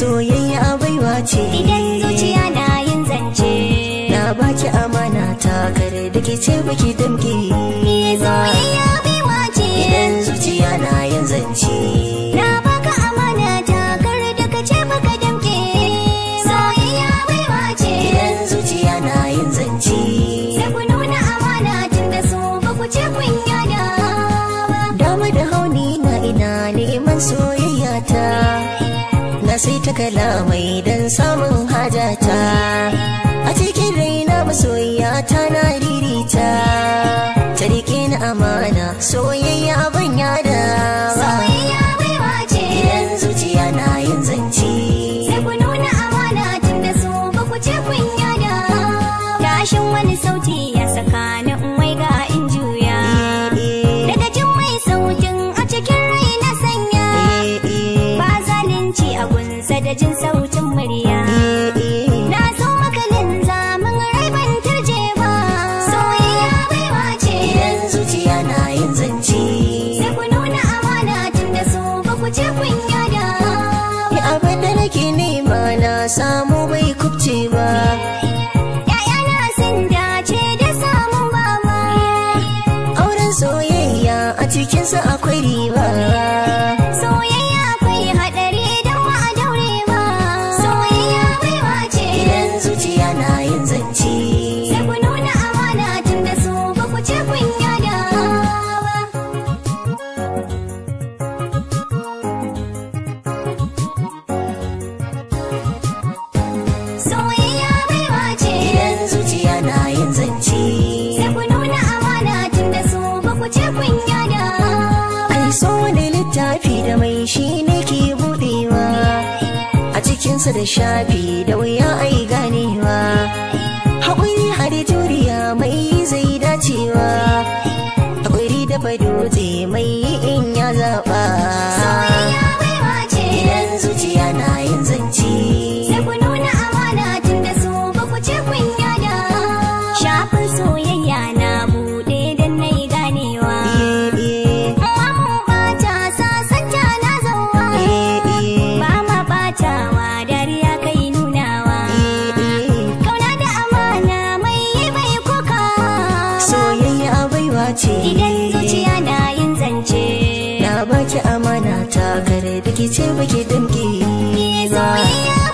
soyayya baiwa ce idan zuciya na yin zance na baki amana ta kare da ke ce baki damke soyayya baiwa ce idan zuciya na yin zance na baka amana ta kare da ka ce baka damke soyayya baiwa ce idan zuciya na yin zance sai ku nuna amana tun da su ba ku ce kun yada ba dama da hauni na ina neman soyayya ta sai ta kalamai don samun hajata a cikin raina masoyiya ta na ririta ta rike ni amana soyayya ban yada soyayya baiwa ce idan zuciya na yin zance da sautin murya na so makalin zamin rai ban turje ba soyayya baiwa ce idan zuciya na yin zance sai ku nuna amana tun da so ba ku je kun yada abin da nake nema na samo mai kubce ba shi ne ke buɗewa a cikinsa da shafi da wuya ai ce idan zuciya na yin zance na baki amana ta gare da ke ce baki damke